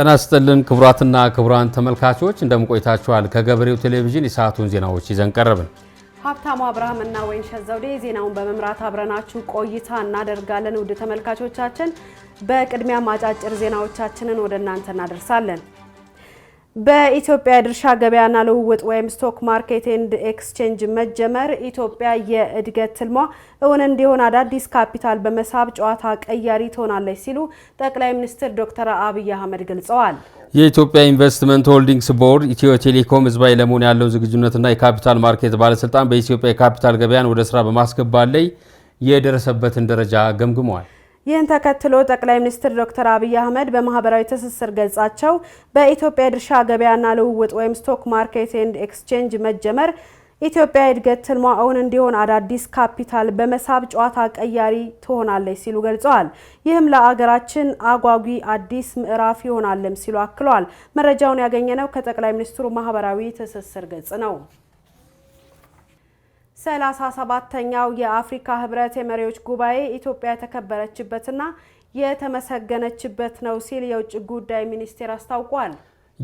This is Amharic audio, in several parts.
ጤና ይስጥልን ክቡራትና ክቡራን ተመልካቾች እንደምን ቆይታችኋል? ከገበሬው ቴሌቪዥን የሰዓቱን ዜናዎች ይዘን ቀረብን። ሀብታሙ አብርሃም እና ወይንሸት ዘውዴ ዜናውን በመምራት አብረናችሁ ቆይታ እናደርጋለን። ውድ ተመልካቾቻችን፣ በቅድሚያ አጫጭር ዜናዎቻችንን ወደ እናንተ እናደርሳለን። በኢትዮጵያ የድርሻ ገበያና ልውውጥ ወይም ስቶክ ማርኬት ኤንድ ኤክስቼንጅ መጀመር ኢትዮጵያ የእድገት ትልሟ እውን እንዲሆን አዳዲስ ካፒታል በመሳብ ጨዋታ ቀያሪ ትሆናለች ሲሉ ጠቅላይ ሚኒስትር ዶክተር አብይ አህመድ ገልጸዋል። የኢትዮጵያ ኢንቨስትመንት ሆልዲንግስ ቦርድ፣ ኢትዮ ቴሌኮም ህዝባዊ ለመሆን ያለው ዝግጁነትና የካፒታል ማርኬት ባለስልጣን በኢትዮጵያ የካፒታል ገበያን ወደ ስራ በማስገባት ላይ የደረሰበትን ደረጃ ገምግመዋል። ይህን ተከትሎ ጠቅላይ ሚኒስትር ዶክተር አብይ አህመድ በማህበራዊ ትስስር ገጻቸው በኢትዮጵያ የድርሻ ገበያና ልውውጥ ወይም ስቶክ ማርኬት ኤንድ ኤክስቼንጅ መጀመር ኢትዮጵያ የእድገት ትልሟ እውን እንዲሆን አዳዲስ ካፒታል በመሳብ ጨዋታ ቀያሪ ትሆናለች ሲሉ ገልጸዋል። ይህም ለአገራችን አጓጊ አዲስ ምዕራፍ ይሆናልም ሲሉ አክለዋል። መረጃውን ያገኘነው ከጠቅላይ ሚኒስትሩ ማህበራዊ ትስስር ገጽ ነው። ሰላሳ ሰባተኛው የአፍሪካ ህብረት የመሪዎች ጉባኤ ኢትዮጵያ የተከበረችበትና የተመሰገነችበት ነው ሲል የውጭ ጉዳይ ሚኒስቴር አስታውቋል።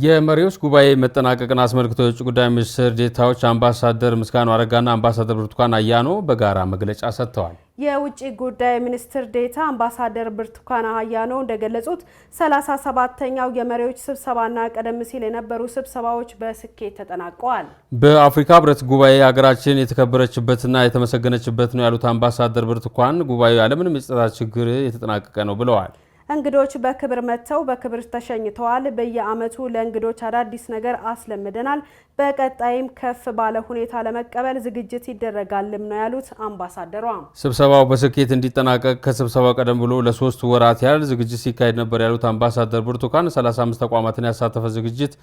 የመሪዎች ጉባኤ መጠናቀቅን አስመልክቶ የውጭ ጉዳይ ሚኒስትር ዴታዎች አምባሳደር ምስጋኑ አረጋና አምባሳደር ብርቱካን አያኖ በጋራ መግለጫ ሰጥተዋል። የውጭ ጉዳይ ሚኒስትር ዴታ አምባሳደር ብርቱካን አያኖ እንደገለጹት ሰላሳ ሰባተኛው የመሪዎች ስብሰባና ቀደም ሲል የነበሩ ስብሰባዎች በስኬት ተጠናቀዋል። በአፍሪካ ህብረት ጉባኤ ሀገራችን የተከበረችበትና የተመሰገነችበት ነው ያሉት አምባሳደር ብርቱካን ጉባኤው ያለምንም የጸጥታ ችግር የተጠናቀቀ ነው ብለዋል። እንግዶች በክብር መጥተው በክብር ተሸኝተዋል። በየአመቱ ለእንግዶች አዳዲስ ነገር አስለምደናል። በቀጣይም ከፍ ባለ ሁኔታ ለመቀበል ዝግጅት ይደረጋልም ነው ያሉት አምባሳደሯ። ስብሰባው በስኬት እንዲጠናቀቅ ከስብሰባው ቀደም ብሎ ለሶስት ወራት ያህል ዝግጅት ሲካሄድ ነበር ያሉት አምባሳደር ብርቱካን 35 ተቋማትን ያሳተፈ ዝግጅት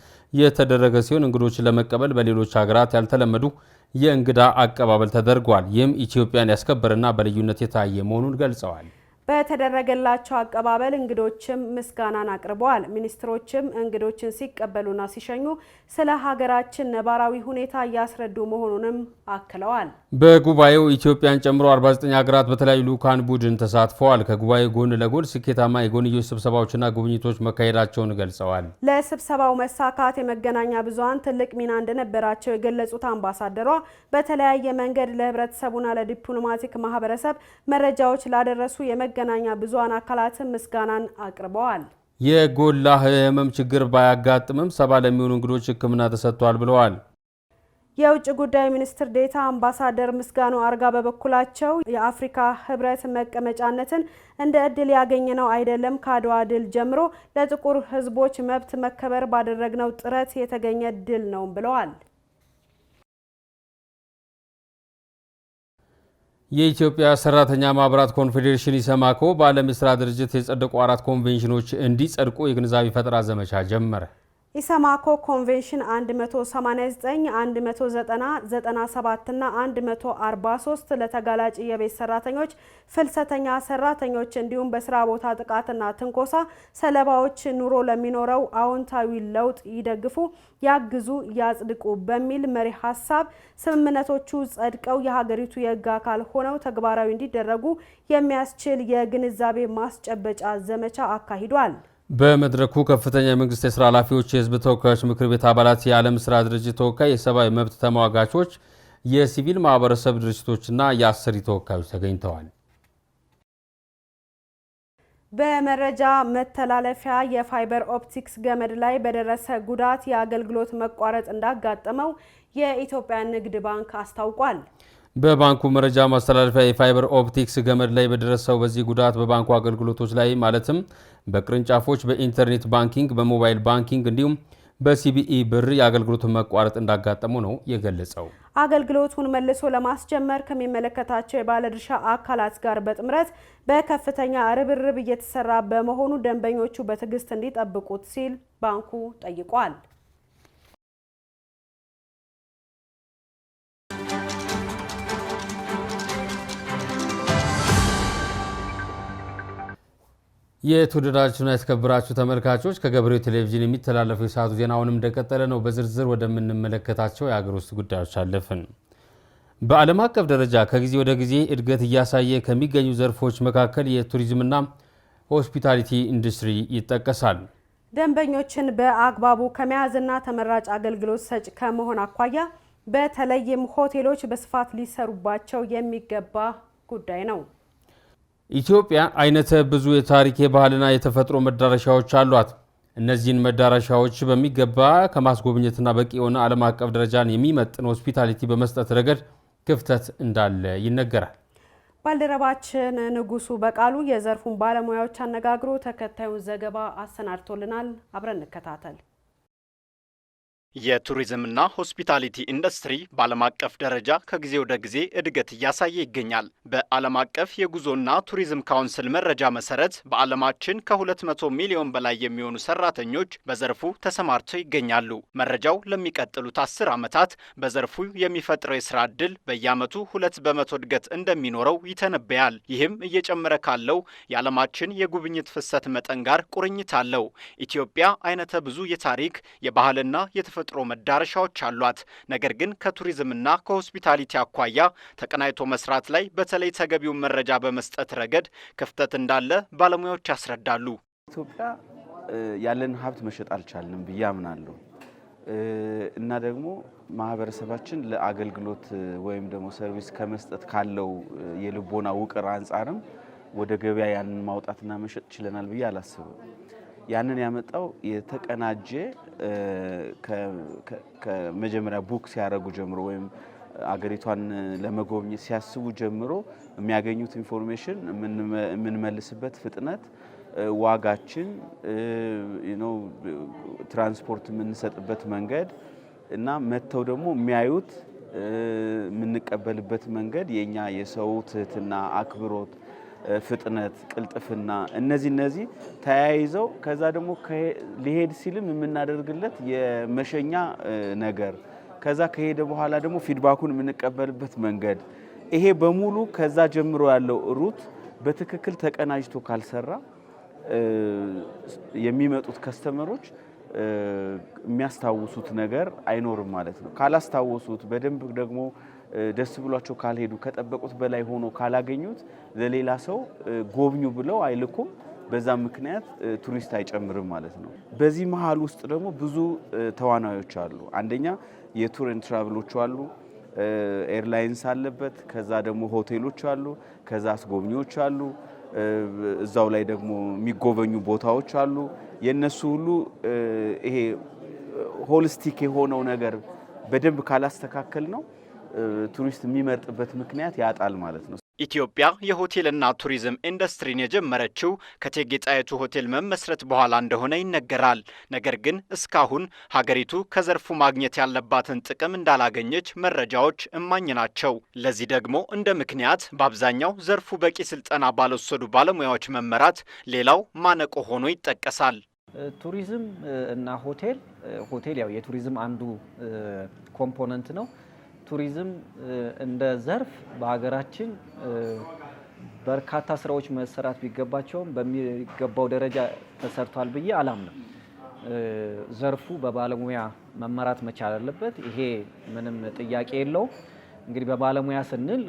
የተደረገ ሲሆን እንግዶችን ለመቀበል በሌሎች ሀገራት ያልተለመዱ የእንግዳ አቀባበል ተደርጓል። ይህም ኢትዮጵያን ያስከበረና በልዩነት የታየ መሆኑን ገልጸዋል። በተደረገላቸው አቀባበል እንግዶችም ምስጋናን አቅርበዋል። ሚኒስትሮችም እንግዶችን ሲቀበሉና ሲሸኙ ስለ ሀገራችን ነባራዊ ሁኔታ እያስረዱ መሆኑንም አክለዋል። በጉባኤው ኢትዮጵያን ጨምሮ 49 ሀገራት በተለያዩ ልዑካን ቡድን ተሳትፈዋል። ከጉባኤው ጎን ለጎን ስኬታማ የጎንዮሽ ስብሰባዎችና ጉብኝቶች መካሄዳቸውን ገልጸዋል። ለስብሰባው መሳካት የመገናኛ ብዙሀን ትልቅ ሚና እንደነበራቸው የገለጹት አምባሳደሯ በተለያየ መንገድ ለህብረተሰቡና ለዲፕሎማቲክ ማህበረሰብ መረጃዎች ላደረሱ መገናኛ ብዙሃን አካላትም ምስጋናን አቅርበዋል። የጎላ ህመም ችግር ባያጋጥምም ሰባ ለሚሆኑ እንግዶች ሕክምና ተሰጥቷል ብለዋል። የውጭ ጉዳይ ሚኒስትር ዴታ አምባሳደር ምስጋኑ አርጋ በበኩላቸው የአፍሪካ ህብረት መቀመጫነትን እንደ እድል ያገኘ ነው አይደለም፣ ከአድዋ ድል ጀምሮ ለጥቁር ህዝቦች መብት መከበር ባደረግነው ጥረት የተገኘ ድል ነው ብለዋል። የኢትዮጵያ ሰራተኛ ማህበራት ኮንፌዴሬሽን ኢሰማኮ በዓለም የስራ ድርጅት የጸደቁ አራት ኮንቬንሽኖች እንዲጸድቁ የግንዛቤ ፈጠራ ዘመቻ ጀመረ። ኢሰማኮ ኮንቬንሽን 189፣ 190፣ 97 እና 143 ለተጋላጭ የቤት ሰራተኞች፣ ፍልሰተኛ ሰራተኞች እንዲሁም በስራ ቦታ ጥቃትና ትንኮሳ ሰለባዎች ኑሮ ለሚኖረው አዎንታዊ ለውጥ ይደግፉ፣ ያግዙ፣ ያጽድቁ በሚል መሪ ሀሳብ ስምምነቶቹ ጸድቀው የሀገሪቱ የህግ አካል ሆነው ተግባራዊ እንዲደረጉ የሚያስችል የግንዛቤ ማስጨበጫ ዘመቻ አካሂዷል። በመድረኩ ከፍተኛ የመንግስት የስራ ኃላፊዎች፣ የህዝብ ተወካዮች ምክር ቤት አባላት፣ የዓለም ስራ ድርጅት ተወካይ፣ የሰብአዊ መብት ተሟጋቾች፣ የሲቪል ማህበረሰብ ድርጅቶችና የአሰሪ ተወካዮች ተገኝተዋል። በመረጃ መተላለፊያ የፋይበር ኦፕቲክስ ገመድ ላይ በደረሰ ጉዳት የአገልግሎት መቋረጥ እንዳጋጠመው የኢትዮጵያ ንግድ ባንክ አስታውቋል። በባንኩ መረጃ ማስተላለፊያ የፋይበር ኦፕቲክስ ገመድ ላይ በደረሰው በዚህ ጉዳት በባንኩ አገልግሎቶች ላይ ማለትም በቅርንጫፎች፣ በኢንተርኔት ባንኪንግ፣ በሞባይል ባንኪንግ እንዲሁም በሲቢኢ ብር የአገልግሎት መቋረጥ እንዳጋጠሙ ነው የገለጸው። አገልግሎቱን መልሶ ለማስጀመር ከሚመለከታቸው የባለድርሻ አካላት ጋር በጥምረት በከፍተኛ ርብርብ እየተሰራ በመሆኑ ደንበኞቹ በትዕግስት እንዲጠብቁት ሲል ባንኩ ጠይቋል። የተወደዳችሁና የተከበራችሁ ተመልካቾች ከገበሬው ቴሌቪዥን የሚተላለፈው የሰዓቱ ዜናውንም እንደቀጠለ ነው። በዝርዝር ወደምንመለከታቸው የአገር ውስጥ ጉዳዮች አለፍን። በዓለም አቀፍ ደረጃ ከጊዜ ወደ ጊዜ እድገት እያሳየ ከሚገኙ ዘርፎች መካከል የቱሪዝምና ሆስፒታሊቲ ኢንዱስትሪ ይጠቀሳል። ደንበኞችን በአግባቡ ከመያዝና ተመራጭ አገልግሎት ሰጪ ከመሆን አኳያ በተለይም ሆቴሎች በስፋት ሊሰሩባቸው የሚገባ ጉዳይ ነው። ኢትዮጵያ አይነተ ብዙ የታሪክ የባህልና የተፈጥሮ መዳረሻዎች አሏት። እነዚህን መዳረሻዎች በሚገባ ከማስጎብኘትና በቂ የሆነ ዓለም አቀፍ ደረጃን የሚመጥን ሆስፒታሊቲ በመስጠት ረገድ ክፍተት እንዳለ ይነገራል። ባልደረባችን ንጉሱ በቃሉ የዘርፉን ባለሙያዎች አነጋግሮ ተከታዩን ዘገባ አሰናድቶልናል። አብረን እንከታተል። የቱሪዝምና ሆስፒታሊቲ ኢንዱስትሪ በዓለም አቀፍ ደረጃ ከጊዜ ወደ ጊዜ እድገት እያሳየ ይገኛል። በዓለም አቀፍ የጉዞና ቱሪዝም ካውንስል መረጃ መሰረት በዓለማችን ከ200 ሚሊዮን በላይ የሚሆኑ ሰራተኞች በዘርፉ ተሰማርተው ይገኛሉ። መረጃው ለሚቀጥሉት አስር ዓመታት በዘርፉ የሚፈጥረው የስራ ዕድል በየዓመቱ ሁለት በመቶ እድገት እንደሚኖረው ይተነበያል። ይህም እየጨመረ ካለው የዓለማችን የጉብኝት ፍሰት መጠን ጋር ቁርኝት አለው። ኢትዮጵያ አይነተ ብዙ የታሪክ የባህልና የተፈ የተፈጥሮ መዳረሻዎች አሏት። ነገር ግን ከቱሪዝምና ከሆስፒታሊቲ አኳያ ተቀናይቶ መስራት ላይ በተለይ ተገቢውን መረጃ በመስጠት ረገድ ክፍተት እንዳለ ባለሙያዎች ያስረዳሉ። ኢትዮጵያ ያለን ሀብት መሸጥ አልቻልንም ብዬ አምናለሁ እና ደግሞ ማህበረሰባችን ለአገልግሎት ወይም ደግሞ ሰርቪስ ከመስጠት ካለው የልቦና ውቅር አንጻርም ወደ ገበያ ያንን ማውጣትና መሸጥ ችለናል ብዬ አላስብም። ያንን ያመጣው የተቀናጀ ከመጀመሪያ ቡክ ሲያደርጉ ጀምሮ ወይም አገሪቷን ለመጎብኘት ሲያስቡ ጀምሮ የሚያገኙት ኢንፎርሜሽን የምንመልስበት ፍጥነት፣ ዋጋችን፣ ትራንስፖርት የምንሰጥበት መንገድ እና መጥተው ደግሞ የሚያዩት የምንቀበልበት መንገድ የእኛ የሰው ትህትና፣ አክብሮት ፍጥነት፣ ቅልጥፍና እነዚህ እነዚህ ተያይዘው ከዛ ደግሞ ሊሄድ ሲልም የምናደርግለት የመሸኛ ነገር ከዛ ከሄደ በኋላ ደግሞ ፊድባኩን የምንቀበልበት መንገድ ይሄ በሙሉ ከዛ ጀምሮ ያለው ሩት በትክክል ተቀናጅቶ ካልሰራ የሚመጡት ከስተመሮች የሚያስታውሱት ነገር አይኖርም ማለት ነው። ካላስታወሱት በደንብ ደግሞ ደስ ብሏቸው ካልሄዱ ከጠበቁት በላይ ሆኖ ካላገኙት ለሌላ ሰው ጎብኙ ብለው አይልኩም። በዛ ምክንያት ቱሪስት አይጨምርም ማለት ነው። በዚህ መሀል ውስጥ ደግሞ ብዙ ተዋናዮች አሉ። አንደኛ የቱር ኤንድ አሉ፣ ኤርላይንስ አለበት። ከዛ ደግሞ ሆቴሎች አሉ፣ ከዛ አስጎብኚዎች አሉ። እዛው ላይ ደግሞ የሚጎበኙ ቦታዎች አሉ። የእነሱ ሁሉ ይሄ ሆሊስቲክ የሆነው ነገር በደንብ ካላስተካከል ነው ቱሪስት የሚመርጥበት ምክንያት ያጣል ማለት ነው። ኢትዮጵያ የሆቴልና ቱሪዝም ኢንዱስትሪን የጀመረችው ከእቴጌ ጣይቱ ሆቴል መመስረት በኋላ እንደሆነ ይነገራል። ነገር ግን እስካሁን ሀገሪቱ ከዘርፉ ማግኘት ያለባትን ጥቅም እንዳላገኘች መረጃዎች እማኝ ናቸው። ለዚህ ደግሞ እንደ ምክንያት በአብዛኛው ዘርፉ በቂ ስልጠና ባልወሰዱ ባለሙያዎች መመራት ሌላው ማነቆ ሆኖ ይጠቀሳል። ቱሪዝም እና ሆቴል ሆቴል ያው የቱሪዝም አንዱ ኮምፖነንት ነው። ቱሪዝም እንደ ዘርፍ በሀገራችን በርካታ ስራዎች መሰራት ቢገባቸውም በሚገባው ደረጃ ተሰርቷል ብዬ አላምንም። ዘርፉ በባለሙያ መመራት መቻል አለበት። ይሄ ምንም ጥያቄ የለው እንግዲህ በባለሙያ ስንል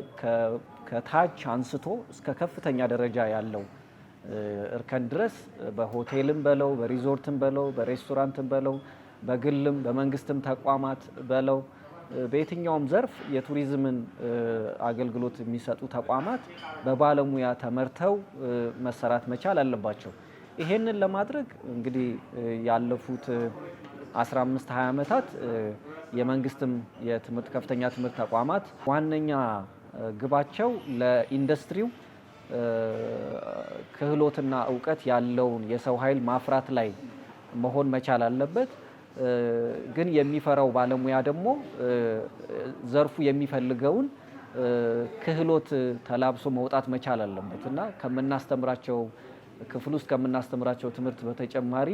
ከታች አንስቶ እስከ ከፍተኛ ደረጃ ያለው እርከን ድረስ በሆቴልም በለው፣ በሪዞርትም በለው፣ በሬስቶራንትም በለው፣ በግልም በመንግስትም ተቋማት በለው በየትኛውም ዘርፍ የቱሪዝምን አገልግሎት የሚሰጡ ተቋማት በባለሙያ ተመርተው መሰራት መቻል አለባቸው። ይሄንን ለማድረግ እንግዲህ ያለፉት 15 20 ዓመታት የመንግስትም የትምህርት ከፍተኛ ትምህርት ተቋማት ዋነኛ ግባቸው ለኢንዱስትሪው ክህሎትና እውቀት ያለውን የሰው ኃይል ማፍራት ላይ መሆን መቻል አለበት። ግን የሚፈራው ባለሙያ ደግሞ ዘርፉ የሚፈልገውን ክህሎት ተላብሶ መውጣት መቻል አለበት እና ከምናስተምራቸው ክፍል ውስጥ ከምናስተምራቸው ትምህርት በተጨማሪ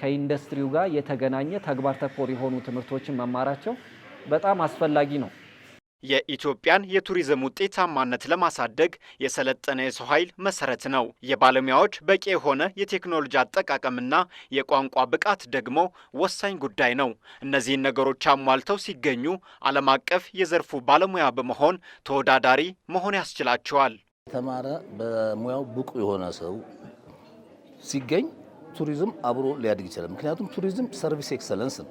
ከኢንዱስትሪው ጋር የተገናኘ ተግባር ተኮር የሆኑ ትምህርቶችን መማራቸው በጣም አስፈላጊ ነው። የኢትዮጵያን የቱሪዝም ውጤታማነት ለማሳደግ የሰለጠነ የሰው ኃይል መሰረት ነው። የባለሙያዎች በቂ የሆነ የቴክኖሎጂ አጠቃቀምና የቋንቋ ብቃት ደግሞ ወሳኝ ጉዳይ ነው። እነዚህን ነገሮች አሟልተው ሲገኙ ዓለም አቀፍ የዘርፉ ባለሙያ በመሆን ተወዳዳሪ መሆን ያስችላቸዋል። የተማረ በሙያው ብቁ የሆነ ሰው ሲገኝ ቱሪዝም አብሮ ሊያድግ ይችላል። ምክንያቱም ቱሪዝም ሰርቪስ ኤክሰለንስ ነው።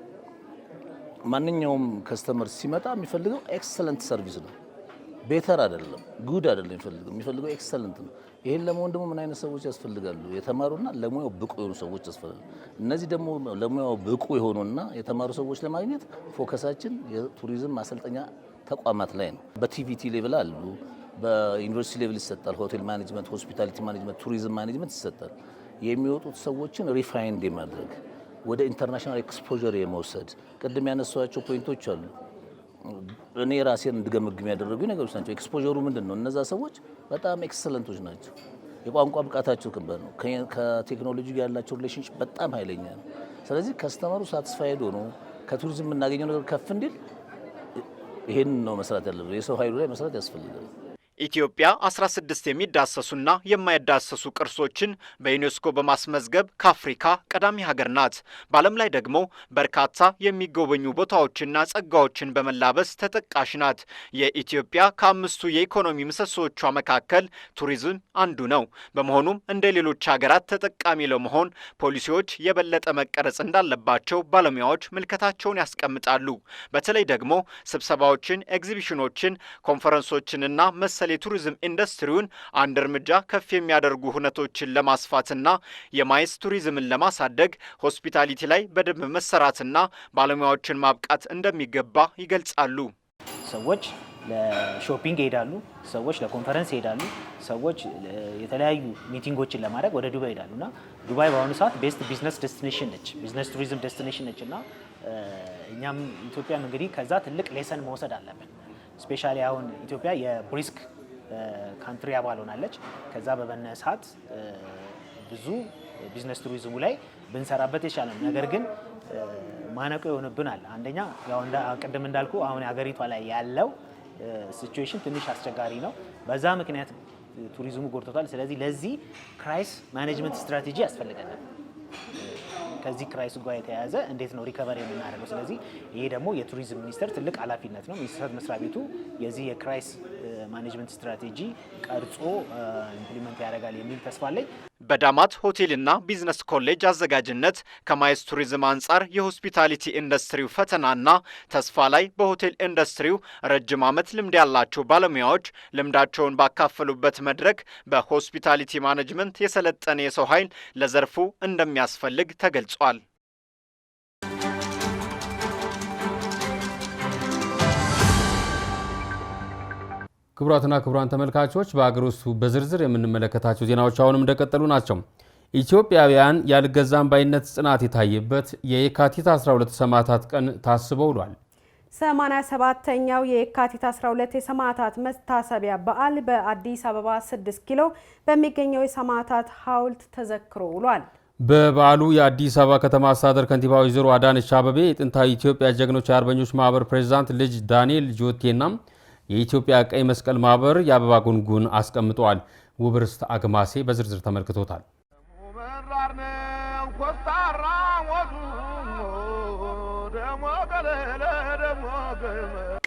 ማንኛውም ከስተመር ሲመጣ የሚፈልገው ኤክሰለንት ሰርቪስ ነው። ቤተር አይደለም፣ ጉድ አይደለም የሚፈልገው የሚፈልገው ኤክሰለንት ነው። ይህን ለመሆን ደግሞ ምን አይነት ሰዎች ያስፈልጋሉ? የተማሩና ለሙያው ብቁ የሆኑ ሰዎች ያስፈልጋሉ። እነዚህ ደግሞ ለሙያው ብቁ የሆኑና የተማሩ ሰዎች ለማግኘት ፎከሳችን የቱሪዝም ማሰልጠኛ ተቋማት ላይ ነው። በቲቪቲ ሌቭል አሉ፣ በዩኒቨርሲቲ ሌቭል ይሰጣል። ሆቴል ማኔጅመንት፣ ሆስፒታሊቲ ማኔጅመንት፣ ቱሪዝም ማኔጅመንት ይሰጣል። የሚወጡት ሰዎችን ሪፋይንድ የማድረግ ወደ ኢንተርናሽናል ኤክስፖዠር የመውሰድ ቅድም ያነሷቸው ፖይንቶች አሉ። እኔ ራሴን እንድገመግም ያደረጉ ነገሮች ናቸው። ኤክስፖዠሩ ምንድን ነው? እነዛ ሰዎች በጣም ኤክሰለንቶች ናቸው። የቋንቋ ብቃታቸው ክበድ ነው። ከቴክኖሎጂ ያላቸው ሪሌሽንሽ በጣም ኃይለኛ ነው። ስለዚህ ከስተመሩ ሳትስፋይድ ሆኖ ከቱሪዝም የምናገኘው ነገር ከፍ እንዲል ይህን ነው መስራት ያለብን። የሰው ኃይሉ ላይ መስራት ያስፈልጋል። ኢትዮጵያ 16 የሚዳሰሱና የማይዳሰሱ ቅርሶችን በዩኔስኮ በማስመዝገብ ከአፍሪካ ቀዳሚ ሀገር ናት። በዓለም ላይ ደግሞ በርካታ የሚጎበኙ ቦታዎችና ጸጋዎችን በመላበስ ተጠቃሽ ናት። የኢትዮጵያ ከአምስቱ የኢኮኖሚ ምሰሶዎቿ መካከል ቱሪዝም አንዱ ነው። በመሆኑም እንደ ሌሎች ሀገራት ተጠቃሚ ለመሆን ፖሊሲዎች የበለጠ መቀረጽ እንዳለባቸው ባለሙያዎች ምልከታቸውን ያስቀምጣሉ። በተለይ ደግሞ ስብሰባዎችን፣ ኤግዚቢሽኖችን፣ ኮንፈረንሶችንና መሰል መሰል የቱሪዝም ኢንዱስትሪውን አንድ እርምጃ ከፍ የሚያደርጉ ሁነቶችን ለማስፋትና የማይስ ቱሪዝምን ለማሳደግ ሆስፒታሊቲ ላይ በደንብ መሰራትና ባለሙያዎችን ማብቃት እንደሚገባ ይገልጻሉ። ሰዎች ለሾፒንግ ይሄዳሉ። ሰዎች ለኮንፈረንስ ይሄዳሉ። ሰዎች የተለያዩ ሚቲንጎችን ለማድረግ ወደ ዱባይ ይሄዳሉ እና ዱባይ በአሁኑ ሰዓት ቤስት ቢዝነስ ዴስቲኔሽን ነች፣ ቢዝነስ ቱሪዝም ዴስቲኔሽን ነች እና እኛም ኢትዮጵያም እንግዲህ ከዛ ትልቅ ሌሰን መውሰድ አለብን። ስፔሻሊ አሁን ኢትዮጵያ የብሪስክ ካንትሪ አባል ሆናለች። ከዛ በመነሳት ብዙ ቢዝነስ ቱሪዝሙ ላይ ብንሰራበት የቻለ ነገር ግን ማነቆ ይሆንብናል። አንደኛ ቅድም እንዳልኩ አሁን ሀገሪቷ ላይ ያለው ሲቹዌሽን ትንሽ አስቸጋሪ ነው። በዛ ምክንያት ቱሪዝሙ ጎድቶታል። ስለዚህ ለዚህ ክራይስ ማኔጅመንት ስትራቴጂ ያስፈልገናል። ከዚህ ክራይስ ጋር የተያያዘ እንዴት ነው ሪከቨር የምናደርገው? ስለዚህ ይሄ ደግሞ የቱሪዝም ሚኒስቴር ትልቅ ኃላፊነት ነው። ሚኒስቴር መስሪያ ቤቱ የዚህ የክራይስ ማኔጅመንት ስትራቴጂ ቀርጾ ኢምፕሊመንት ያደርጋል የሚል ተስፋ አለኝ። በዳማት ሆቴልና ቢዝነስ ኮሌጅ አዘጋጅነት ከማየስ ቱሪዝም አንጻር የሆስፒታሊቲ ኢንዱስትሪው ፈተናና ተስፋ ላይ በሆቴል ኢንዱስትሪው ረጅም ዓመት ልምድ ያላቸው ባለሙያዎች ልምዳቸውን ባካፈሉበት መድረክ በሆስፒታሊቲ ማኔጅመንት የሰለጠነ የሰው ኃይል ለዘርፉ እንደሚያስፈልግ ተገልጿል። ክቡራትና ክቡራን ተመልካቾች በአገር ውስጥ በዝርዝር የምንመለከታቸው ዜናዎች አሁንም እንደቀጠሉ ናቸው። ኢትዮጵያውያን ያልገዛም ባይነት ጽናት የታየበት የየካቲት 12 ሰማዕታት ቀን ታስቦ ውሏል። 87ኛው የካቲት 12 የሰማዕታት መታሰቢያ በዓል በአዲስ አበባ 6 ኪሎ በሚገኘው የሰማዕታት ሐውልት ተዘክሮ ውሏል። በበዓሉ የአዲስ አበባ ከተማ አስተዳደር ከንቲባ ወይዘሮ አዳነች አበቤ የጥንታዊ ኢትዮጵያ ጀግኖች የአርበኞች ማህበር ፕሬዚዳንት ልጅ ዳንኤል ጆቴና የኢትዮጵያ ቀይ መስቀል ማህበር የአበባ ጉንጉን አስቀምጠዋል። ውብርስት አግማሴ በዝርዝር ተመልክቶታል።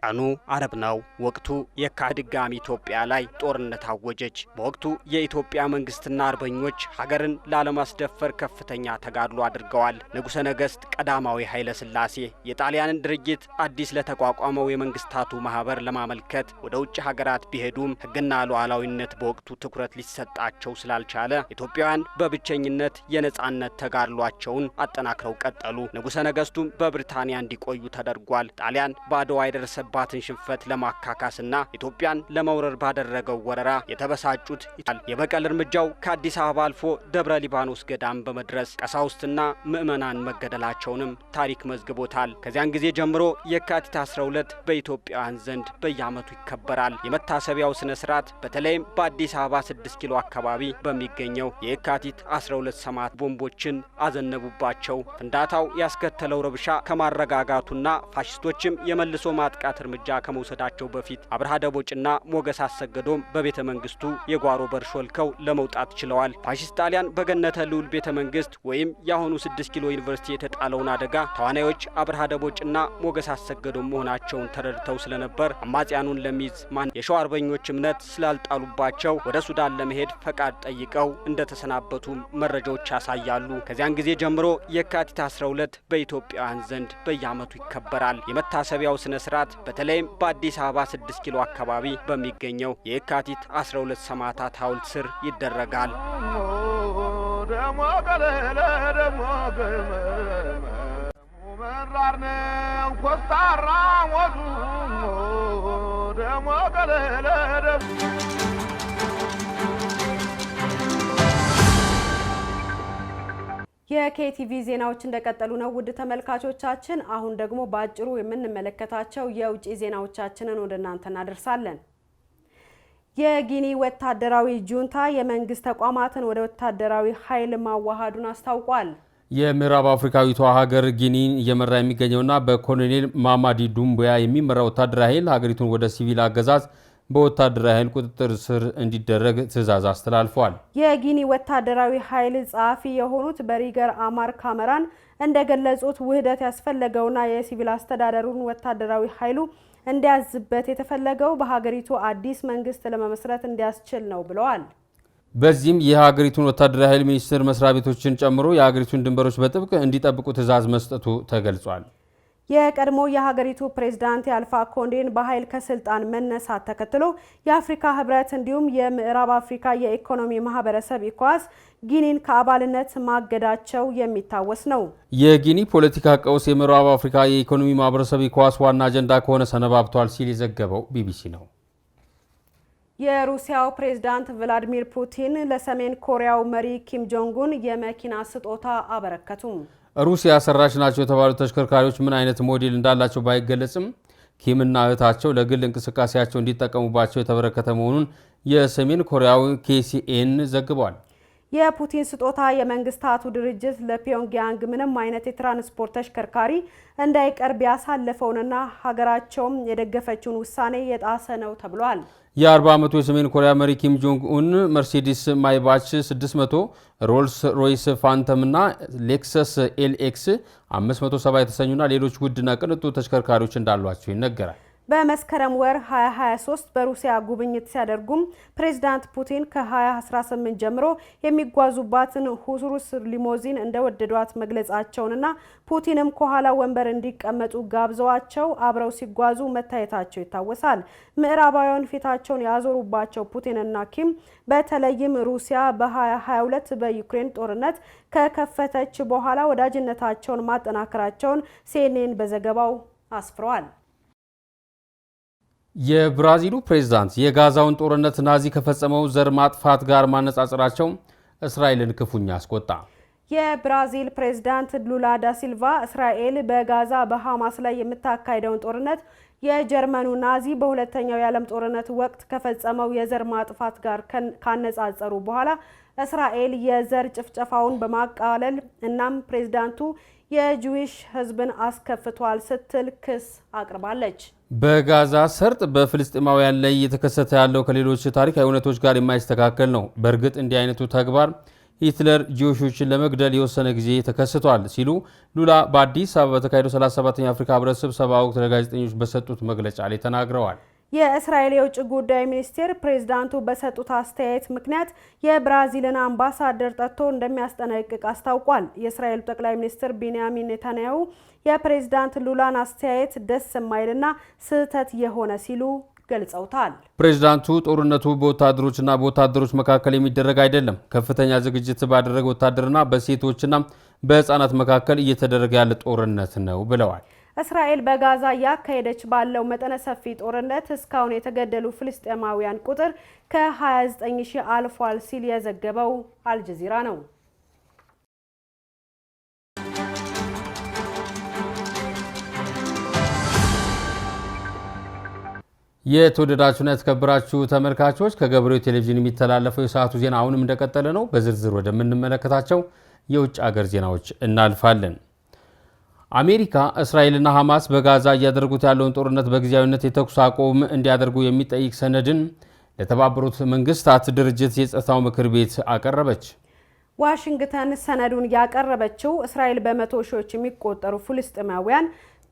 ቀኑ አርብ ነው። ወቅቱ የካ ድጋሚ ኢትዮጵያ ላይ ጦርነት አወጀች። በወቅቱ የኢትዮጵያ መንግስትና አርበኞች ሀገርን ላለማስደፈር ከፍተኛ ተጋድሎ አድርገዋል። ንጉሠ ነገሥት ቀዳማዊ ኃይለ ሥላሴ የጣሊያንን ድርጊት አዲስ ለተቋቋመው የመንግስታቱ ማህበር ለማመልከት ወደ ውጭ ሀገራት ቢሄዱም ሕግና ሉዓላዊነት በወቅቱ ትኩረት ሊሰጣቸው ስላልቻለ ኢትዮጵያውያን በብቸኝነት የነጻነት ተጋድሏቸውን አጠናክረው ቀጠሉ። ንጉሠ ነገሥቱም በብሪታንያ እንዲቆዩ ተደርጓል። ጣሊያን በአድዋ የደረሰ የደረሰባትን ሽንፈት ለማካካስና ኢትዮጵያን ለመውረር ባደረገው ወረራ የተበሳጩት ይታል። የበቀል እርምጃው ከአዲስ አበባ አልፎ ደብረ ሊባኖስ ገዳም በመድረስ ቀሳውስትና ምዕመናን መገደላቸውንም ታሪክ መዝግቦታል። ከዚያን ጊዜ ጀምሮ የካቲት 12 በኢትዮጵያውያን ዘንድ በየዓመቱ ይከበራል። የመታሰቢያው ስነ ስርዓት በተለይም በአዲስ አበባ 6 ኪሎ አካባቢ በሚገኘው የካቲት 12 ሰማዕት ቦምቦችን አዘነቡባቸው። ፍንዳታው ያስከተለው ረብሻ ከማረጋጋቱና ፋሽስቶችም የመልሶ ማጥቃት እርምጃ ከመውሰዳቸው በፊት አብርሃ ደቦጭና ሞገስ አሰገዶም በቤተ መንግስቱ የጓሮ በር ሾልከው ለመውጣት ችለዋል። ፋሽስት ጣሊያን በገነተ ልዑል ቤተ መንግስት ወይም የአሁኑ ስድስት ኪሎ ዩኒቨርሲቲ የተጣለውን አደጋ ተዋናዮች አብርሃ ደቦጭና ሞገስ አሰገዶም መሆናቸውን ተረድተው ስለነበር አማጽያኑን ለሚይዝ ማን የሸዋ አርበኞች እምነት ስላልጣሉባቸው ወደ ሱዳን ለመሄድ ፈቃድ ጠይቀው እንደተሰናበቱም መረጃዎች ያሳያሉ። ከዚያን ጊዜ ጀምሮ የካቲት 12 በኢትዮጵያውያን ዘንድ በየዓመቱ ይከበራል። የመታሰቢያው ስነ ስርዓት በተለይም በአዲስ አበባ 6 ኪሎ አካባቢ በሚገኘው የካቲት 12 ሰማዕታት ሐውልት ስር ይደረጋል። ደሞ የኬቲቪ ዜናዎች እንደቀጠሉ ነው። ውድ ተመልካቾቻችን፣ አሁን ደግሞ በአጭሩ የምንመለከታቸው የውጭ ዜናዎቻችንን ወደ እናንተ እናደርሳለን። የጊኒ ወታደራዊ ጁንታ የመንግስት ተቋማትን ወደ ወታደራዊ ኃይል ማዋሃዱን አስታውቋል። የምዕራብ አፍሪካዊቷ ሀገር ጊኒን እየመራ የሚገኘውና በኮሎኔል ማማዲ ዱምቡያ የሚመራ ወታደራዊ ኃይል ሀገሪቱን ወደ ሲቪል አገዛዝ በወታደራዊ ኃይል ቁጥጥር ስር እንዲደረግ ትዕዛዝ አስተላልፏል። የጊኒ ወታደራዊ ኃይል ጸሐፊ የሆኑት በሪገር አማር ካመራን እንደገለጹት ውህደት ያስፈለገውና የሲቪል አስተዳደሩን ወታደራዊ ኃይሉ እንዲያዝበት የተፈለገው በሀገሪቱ አዲስ መንግስት ለመመስረት እንዲያስችል ነው ብለዋል። በዚህም የሀገሪቱን ወታደራዊ ኃይል ሚኒስቴር መስሪያ ቤቶችን ጨምሮ የሀገሪቱን ድንበሮች በጥብቅ እንዲጠብቁ ትዕዛዝ መስጠቱ ተገልጿል። የቀድሞ የሀገሪቱ ፕሬዝዳንት የአልፋ ኮንዴን በኃይል ከስልጣን መነሳት ተከትሎ የአፍሪካ ህብረት እንዲሁም የምዕራብ አፍሪካ የኢኮኖሚ ማህበረሰብ ኢኳስ ጊኒን ከአባልነት ማገዳቸው የሚታወስ ነው። የጊኒ ፖለቲካ ቀውስ የምዕራብ አፍሪካ የኢኮኖሚ ማህበረሰብ ኢኳስ ዋና አጀንዳ ከሆነ ሰነባብቷል ሲል የዘገበው ቢቢሲ ነው። የሩሲያው ፕሬዝዳንት ቭላዲሚር ፑቲን ለሰሜን ኮሪያው መሪ ኪም ጆንጉን የመኪና ስጦታ አበረከቱም። ሩሲያ ሰራሽ ናቸው የተባሉ ተሽከርካሪዎች ምን አይነት ሞዴል እንዳላቸው ባይገለጽም ኪምና እህታቸው ለግል እንቅስቃሴያቸው እንዲጠቀሙባቸው የተበረከተ መሆኑን የሰሜን ኮሪያው ኬሲኤን ዘግቧል። የፑቲን ስጦታ የመንግስታቱ ድርጅት ለፒዮንግያንግ ምንም አይነት የትራንስፖርት ተሽከርካሪ እንዳይቀርብ ያሳለፈውንና ሀገራቸውም የደገፈችውን ውሳኔ የጣሰ ነው ተብሏል። የ40 ዓመቱ የሰሜን ኮሪያ መሪ ኪም ጆንግ ኡን መርሴዲስ ማይባች 600፣ ሮልስ ሮይስ ፋንተም እና ሌክሰስ ኤልኤክስ 570 የተሰኙና ሌሎች ውድና ቅንጡ ተሽከርካሪዎች እንዳሏቸው ይነገራል። በመስከረም ወር 2023 በሩሲያ ጉብኝት ሲያደርጉም ፕሬዚዳንት ፑቲን ከ2018 ጀምሮ የሚጓዙባትን ሁሩስ ሊሞዚን እንደወደዷት መግለጻቸውንና ፑቲንም ከኋላ ወንበር እንዲቀመጡ ጋብዘዋቸው አብረው ሲጓዙ መታየታቸው ይታወሳል። ምዕራባውያን ፊታቸውን ያዞሩባቸው ፑቲንና ኪም በተለይም ሩሲያ በ2022 በዩክሬን ጦርነት ከከፈተች በኋላ ወዳጅነታቸውን ማጠናከራቸውን ሲኤንኤን በዘገባው አስፍሯል። የብራዚሉ ፕሬዝዳንት የጋዛውን ጦርነት ናዚ ከፈጸመው ዘር ማጥፋት ጋር ማነጻጸራቸው እስራኤልን ክፉኛ አስቆጣ። የብራዚል ፕሬዝዳንት ሉላ ዳ ሲልቫ እስራኤል በጋዛ በሐማስ ላይ የምታካሄደውን ጦርነት የጀርመኑ ናዚ በሁለተኛው የዓለም ጦርነት ወቅት ከፈጸመው የዘር ማጥፋት ጋር ካነጻጸሩ በኋላ እስራኤል የዘር ጭፍጨፋውን በማቃለል እናም ፕሬዝዳንቱ የጂዊሽ ሕዝብን አስከፍቷል ስትል ክስ አቅርባለች። በጋዛ ሰርጥ በፍልስጤማውያን ላይ እየተከሰተ ያለው ከሌሎች ታሪካዊ እውነቶች ጋር የማይስተካከል ነው። በእርግጥ እንዲህ አይነቱ ተግባር ሂትለር ጂዎሾችን ለመግደል የወሰነ ጊዜ ተከስቷል ሲሉ ሉላ በአዲስ አበባ በተካሄደው 37ኛ አፍሪካ ህብረት ስብሰባ ወቅት ለጋዜጠኞች በሰጡት መግለጫ ላይ ተናግረዋል። የእስራኤል የውጭ ጉዳይ ሚኒስቴር ፕሬዝዳንቱ በሰጡት አስተያየት ምክንያት የብራዚልን አምባሳደር ጠጥቶ እንደሚያስጠነቅቅ አስታውቋል። የእስራኤሉ ጠቅላይ ሚኒስትር ቢንያሚን ኔታንያሁ የፕሬዝዳንት ሉላን አስተያየት ደስ የማይልና ስህተት የሆነ ሲሉ ገልጸውታል። ፕሬዝዳንቱ ጦርነቱ በወታደሮችና በወታደሮች መካከል የሚደረግ አይደለም፣ ከፍተኛ ዝግጅት ባደረገ ወታደርና በሴቶችና በህፃናት መካከል እየተደረገ ያለ ጦርነት ነው ብለዋል። እስራኤል በጋዛ እያካሄደች ባለው መጠነ ሰፊ ጦርነት እስካሁን የተገደሉ ፍልስጤማውያን ቁጥር ከ29 ሺህ አልፏል ሲል የዘገበው አልጀዚራ ነው። የተወደዳችሁና የተከበራችሁ ተመልካቾች ከገበሬው ቴሌቪዥን የሚተላለፈው የሰዓቱ ዜና አሁንም እንደቀጠለ ነው። በዝርዝር ወደምንመለከታቸው የውጭ አገር ዜናዎች እናልፋለን። አሜሪካ እስራኤልና ሐማስ በጋዛ እያደረጉት ያለውን ጦርነት በጊዜያዊነት የተኩስ አቁም እንዲያደርጉ የሚጠይቅ ሰነድን ለተባበሩት መንግስታት ድርጅት የጸጥታው ምክር ቤት አቀረበች። ዋሽንግተን ሰነዱን ያቀረበችው እስራኤል በመቶ ሺዎች የሚቆጠሩ ፍልስጥማውያን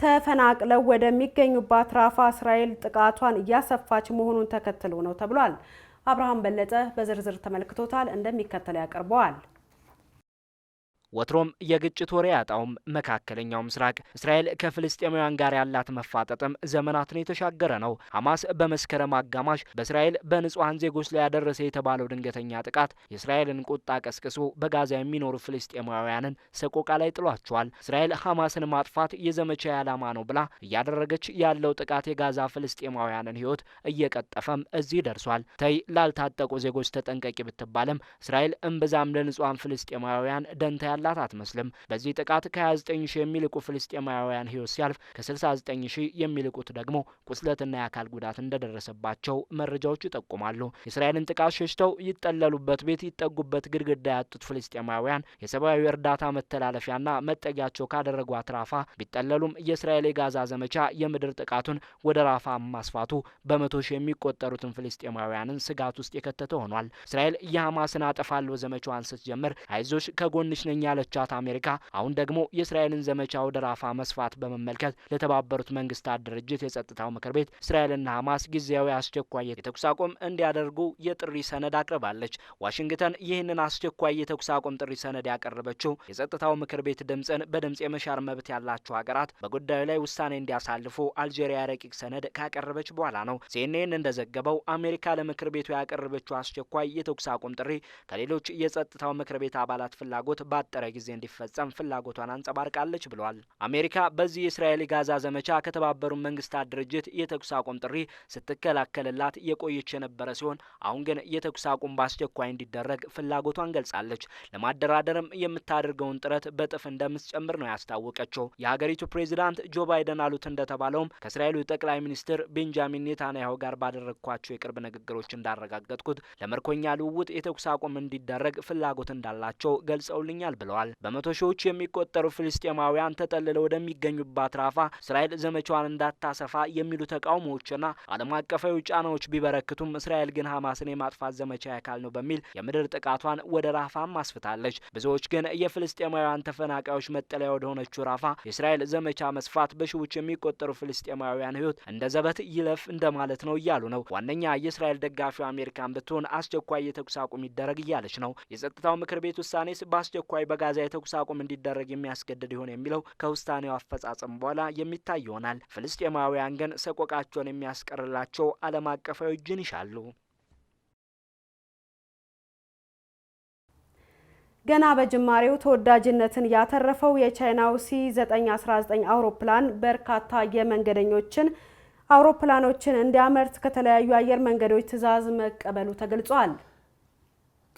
ተፈናቅለው ወደሚገኙባት ራፋ እስራኤል ጥቃቷን እያሰፋች መሆኑን ተከትሎ ነው ተብሏል። አብርሃም በለጠ በዝርዝር ተመልክቶታል፣ እንደሚከተለው ያቀርበዋል። ወትሮም የግጭት ወሬ ያጣውም መካከለኛው ምስራቅ እስራኤል ከፍልስጤማውያን ጋር ያላት መፋጠጥም ዘመናትን የተሻገረ ነው። ሐማስ በመስከረም አጋማሽ በእስራኤል በንጹሐን ዜጎች ላይ ያደረሰ የተባለው ድንገተኛ ጥቃት የእስራኤልን ቁጣ ቀስቅሶ በጋዛ የሚኖሩ ፍልስጤማውያንን ሰቆቃ ላይ ጥሏቸዋል። እስራኤል ሐማስን ማጥፋት የዘመቻ ዓላማ ነው ብላ እያደረገች ያለው ጥቃት የጋዛ ፍልስጤማውያንን ሕይወት እየቀጠፈም እዚህ ደርሷል። ተይ ላልታጠቁ ዜጎች ተጠንቀቂ ብትባልም እስራኤል እምብዛም ለንጹሐን ፍልስጤማውያን ደንታ ያላት አትመስልም። በዚህ ጥቃት ከ29 ሺህ የሚልቁ ፍልስጤማውያን ህይወት ሲያልፍ ከ69 ሺህ የሚልቁት ደግሞ ቁስለትና የአካል ጉዳት እንደደረሰባቸው መረጃዎች ይጠቁማሉ። የእስራኤልን ጥቃት ሸሽተው ይጠለሉበት ቤት ይጠጉበት ግድግዳ ያጡት ፍልስጤማውያን የሰብአዊ እርዳታ መተላለፊያና መጠጊያቸው ካደረጓት ራፋ ቢጠለሉም የእስራኤል የጋዛ ዘመቻ የምድር ጥቃቱን ወደ ራፋ ማስፋቱ በመቶ ሺህ የሚቆጠሩትን ፍልስጤማውያንን ስጋት ውስጥ የከተተ ሆኗል። እስራኤል የሐማስን አጠፋለሁ ዘመቻዋን ስትጀምር አይዞሽ ከጎንሽ ነኝ ያለቻት አሜሪካ አሁን ደግሞ የእስራኤልን ዘመቻ ወደ ራፋ መስፋት በመመልከት ለተባበሩት መንግስታት ድርጅት የጸጥታው ምክር ቤት እስራኤልና ሐማስ ጊዜያዊ አስቸኳይ የተኩስ አቁም እንዲያደርጉ የጥሪ ሰነድ አቅርባለች። ዋሽንግተን ይህንን አስቸኳይ የተኩስ አቁም ጥሪ ሰነድ ያቀረበችው የጸጥታው ምክር ቤት ድምፅን በድምፅ የመሻር መብት ያላቸው ሀገራት በጉዳዩ ላይ ውሳኔ እንዲያሳልፉ አልጄሪያ ረቂቅ ሰነድ ካቀረበች በኋላ ነው። ሲኤንኤን እንደዘገበው አሜሪካ ለምክር ቤቱ ያቀረበችው አስቸኳይ የተኩስ አቁም ጥሪ ከሌሎች የጸጥታው ምክር ቤት አባላት ፍላጎት ባጠ በአጭር ጊዜ እንዲፈጸም ፍላጎቷን አንጸባርቃለች ብሏል። አሜሪካ በዚህ የእስራኤል ጋዛ ዘመቻ ከተባበሩት መንግስታት ድርጅት የተኩስ አቁም ጥሪ ስትከላከልላት የቆየች የነበረ ሲሆን አሁን ግን የተኩስ አቁም በአስቸኳይ እንዲደረግ ፍላጎቷን ገልጻለች። ለማደራደርም የምታደርገውን ጥረት በጥፍ እንደምትጨምር ነው ያስታወቀችው። የሀገሪቱ ፕሬዚዳንት ጆ ባይደን አሉት እንደተባለውም ከእስራኤሉ ጠቅላይ ሚኒስትር ቤንጃሚን ኔታንያሁ ጋር ባደረግኳቸው የቅርብ ንግግሮች እንዳረጋገጥኩት ለምርኮኛ ልውውጥ የተኩስ አቁም እንዲደረግ ፍላጎት እንዳላቸው ገልጸውልኛል ብሏል። ተጥለዋል። በመቶ ሺዎች የሚቆጠሩ ፍልስጤማውያን ተጠልለው ወደሚገኙባት ራፋ እስራኤል ዘመቻዋን እንዳታሰፋ የሚሉ ተቃውሞዎችና ዓለም አቀፋዊ ጫናዎች ቢበረክቱም እስራኤል ግን ሐማስን የማጥፋት ዘመቻ ያካል ነው በሚል የምድር ጥቃቷን ወደ ራፋም አስፍታለች። ብዙዎች ግን የፍልስጤማውያን ተፈናቃዮች መጠለያ ወደሆነችው ራፋ የእስራኤል ዘመቻ መስፋት በሺዎች የሚቆጠሩ ፍልስጤማውያን ሕይወት እንደ ዘበት ይለፍ እንደማለት ነው እያሉ ነው። ዋነኛ የእስራኤል ደጋፊው አሜሪካን ብትሆን አስቸኳይ የተኩስ አቁም ይደረግ እያለች ነው። የጸጥታው ምክር ቤት ውሳኔስ በአስቸኳይ በጋዛ የተኩስ አቁም እንዲደረግ የሚያስገድድ ይሆን የሚለው ከውሳኔው አፈጻጸም በኋላ የሚታይ ይሆናል። ፍልስጤማውያን ግን ሰቆቃቸውን የሚያስቀርላቸው ዓለም አቀፋዊ እጅን ይሻሉ። ገና በጅማሬው ተወዳጅነትን ያተረፈው የቻይናው ሲ 919 አውሮፕላን በርካታ የመንገደኞችን አውሮፕላኖችን እንዲያመርት ከተለያዩ አየር መንገዶች ትዕዛዝ መቀበሉ ተገልጿል።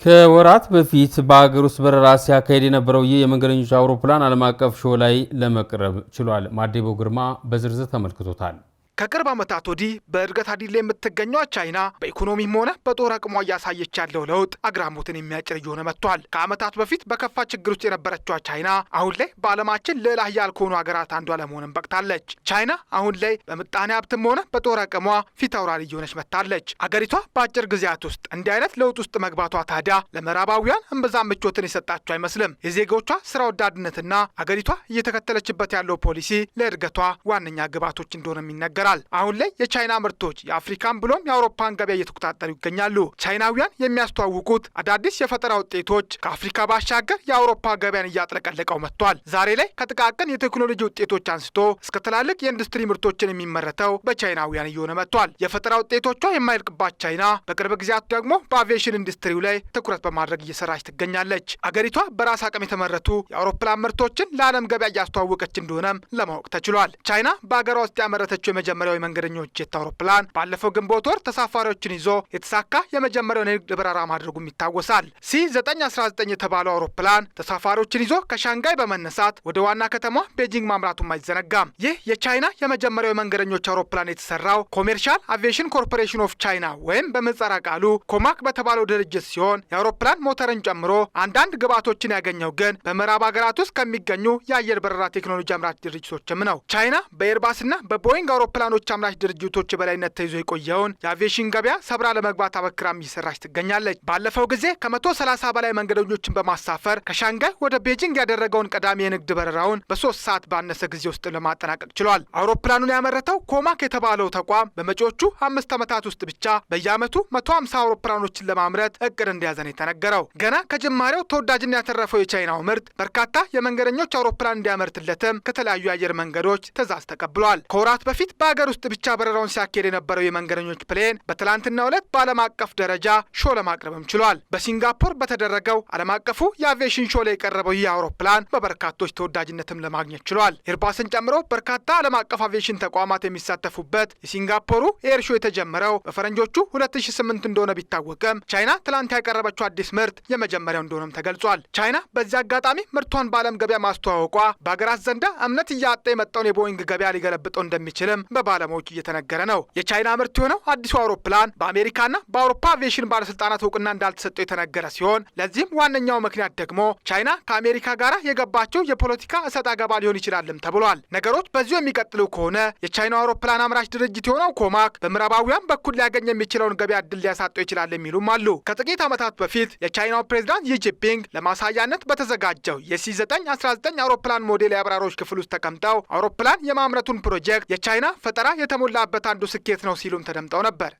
ከወራት በፊት በሀገር ውስጥ በረራ ሲያካሄድ የነበረው ይህ የመንገደኞች አውሮፕላን ዓለም አቀፍ ሾው ላይ ለመቅረብ ችሏል። ማዴቦ ግርማ በዝርዝር ተመልክቶታል። ከቅርብ ዓመታት ወዲህ በእድገት አዲል የምትገኘው ቻይና በኢኮኖሚም ሆነ በጦር አቅሟ እያሳየች ያለው ለውጥ አግራሞትን የሚያጭር እየሆነ መጥቷል። ከዓመታት በፊት በከፋ ችግር ውስጥ የነበረችው ቻይና አሁን ላይ በዓለማችን ልዕለ ኃያል ከሆኑ ሀገራት አንዷ ለመሆንም በቅታለች። ቻይና አሁን ላይ በምጣኔ ሀብትም ሆነ በጦር አቅሟ ፊት አውራሪ እየሆነች መጥታለች። አገሪቷ በአጭር ጊዜያት ውስጥ እንዲህ አይነት ለውጥ ውስጥ መግባቷ ታዲያ ለምዕራባውያን እምብዛም ምቾትን የሰጣቸው አይመስልም። የዜጎቿ ስራ ወዳድነትና አገሪቷ እየተከተለችበት ያለው ፖሊሲ ለእድገቷ ዋነኛ ግብዓቶች እንደሆነም ይነገራል። ይሆናል። አሁን ላይ የቻይና ምርቶች የአፍሪካን ብሎም የአውሮፓን ገበያ እየተቆጣጠሩ ይገኛሉ። ቻይናውያን የሚያስተዋውቁት አዳዲስ የፈጠራ ውጤቶች ከአፍሪካ ባሻገር የአውሮፓ ገበያን እያጥለቀለቀው መጥቷል። ዛሬ ላይ ከጥቃቅን የቴክኖሎጂ ውጤቶች አንስቶ እስከ ትላልቅ የኢንዱስትሪ ምርቶችን የሚመረተው በቻይናውያን እየሆነ መጥቷል። የፈጠራ ውጤቶቿ የማይልቅባት ቻይና በቅርብ ጊዜያት ደግሞ በአቪዬሽን ኢንዱስትሪው ላይ ትኩረት በማድረግ እየሰራች ትገኛለች። አገሪቷ በራስ አቅም የተመረቱ የአውሮፕላን ምርቶችን ለዓለም ገበያ እያስተዋወቀች እንደሆነም ለማወቅ ተችሏል። ቻይና በአገሯ ውስጥ ያመረተችው የመጀመሪያው የመንገደኞች ጀት አውሮፕላን ባለፈው ግንቦት ወር ተሳፋሪዎችን ይዞ የተሳካ የመጀመሪያውን የንግድ በረራ ማድረጉም ይታወሳል። ሲ 919 የተባለው አውሮፕላን ተሳፋሪዎችን ይዞ ከሻንጋይ በመነሳት ወደ ዋና ከተማ ቤጂንግ ማምራቱም አይዘነጋም። ይህ የቻይና የመጀመሪያው የመንገደኞች አውሮፕላን የተሰራው ኮሜርሻል አቪዬሽን ኮርፖሬሽን ኦፍ ቻይና ወይም በምህጻረ ቃሉ ኮማክ በተባለው ድርጅት ሲሆን የአውሮፕላን ሞተርን ጨምሮ አንዳንድ ግብዓቶችን ያገኘው ግን በምዕራብ ሀገራት ውስጥ ከሚገኙ የአየር በረራ ቴክኖሎጂ አምራች ድርጅቶችም ነው። ቻይና በኤርባስና በቦይንግ አውሮፕላን አውሮፕላኖች አምራች ድርጅቶች የበላይነት ተይዞ የቆየውን የአቪዬሽን ገበያ ሰብራ ለመግባት አበክራም እየሰራች ትገኛለች። ባለፈው ጊዜ ከ130 በላይ መንገደኞችን በማሳፈር ከሻንጋይ ወደ ቤጂንግ ያደረገውን ቀዳሚ የንግድ በረራውን በሶስት ሰዓት ባነሰ ጊዜ ውስጥ ለማጠናቀቅ ችሏል። አውሮፕላኑን ያመረተው ኮማክ የተባለው ተቋም በመጪዎቹ አምስት ዓመታት ውስጥ ብቻ በየዓመቱ 150 አውሮፕላኖችን ለማምረት እቅድ እንደያዘ ነው የተነገረው። ገና ከጅማሬው ተወዳጅና ያተረፈው የቻይናው ምርት በርካታ የመንገደኞች አውሮፕላን እንዲያመርትለትም ከተለያዩ የአየር መንገዶች ትዕዛዝ ተቀብሏል። ከወራት በፊት በሀገር ውስጥ ብቻ በረራውን ሲያካሄድ የነበረው የመንገደኞች ፕሌን በትላንትናው ዕለት በዓለም አቀፍ ደረጃ ሾ ለማቅረብም ችሏል። በሲንጋፖር በተደረገው ዓለም አቀፉ የአቪዬሽን ሾ ላይ የቀረበው ይህ አውሮፕላን በበርካቶች ተወዳጅነትም ለማግኘት ችሏል። ኤርባስን ጨምሮ በርካታ ዓለም አቀፍ አቪዬሽን ተቋማት የሚሳተፉበት የሲንጋፖሩ ኤርሾ የተጀመረው በፈረንጆቹ 2008 እንደሆነ ቢታወቅም ቻይና ትላንት ያቀረበችው አዲስ ምርት የመጀመሪያው እንደሆነም ተገልጿል። ቻይና በዚህ አጋጣሚ ምርቷን በዓለም ገበያ ማስተዋወቋ በሀገራት ዘንዳ እምነት እያጣ የመጣውን የቦይንግ ገበያ ሊገለብጠው እንደሚችልም ባለሙያዎች እየተነገረ ነው። የቻይና ምርት የሆነው አዲሱ አውሮፕላን በአሜሪካና በአውሮፓ አቪዬሽን ባለስልጣናት እውቅና እንዳልተሰጠው የተነገረ ሲሆን ለዚህም ዋነኛው ምክንያት ደግሞ ቻይና ከአሜሪካ ጋር የገባቸው የፖለቲካ እሰጥ አገባ ሊሆን ይችላልም ተብሏል። ነገሮች በዚሁ የሚቀጥሉ ከሆነ የቻይናው አውሮፕላን አምራች ድርጅት የሆነው ኮማክ በምዕራባውያን በኩል ሊያገኝ የሚችለውን ገበያ እድል ሊያሳጠው ይችላል የሚሉም አሉ። ከጥቂት ዓመታት በፊት የቻይናው ፕሬዚዳንት ጂፒንግ ለማሳያነት በተዘጋጀው የሲ919 አውሮፕላን ሞዴል የአብራሮች ክፍል ውስጥ ተቀምጠው አውሮፕላን የማምረቱን ፕሮጀክት የቻይና ፈጠራ የተሞላበት አንዱ ስኬት ነው ሲሉም ተደምጠው ነበር።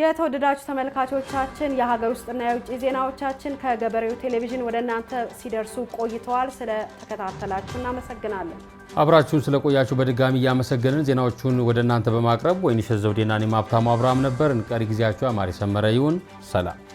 የተወደዳችሁ ተመልካቾቻችን የሀገር ውስጥና የውጭ ዜናዎቻችን ከገበሬው ቴሌቪዥን ወደ እናንተ ሲደርሱ ቆይተዋል። ስለተከታተላችሁ እናመሰግናለን። አብራችሁን ስለቆያችሁ በድጋሚ እያመሰገንን ዜናዎቹን ወደ እናንተ በማቅረብ ወይንሸት ዘውዴና እኔም ሀብታሙ አብርሃም ነበርን። ቀሪ ጊዜያችሁ አማሪ ሰመረ ይሁን። ሰላም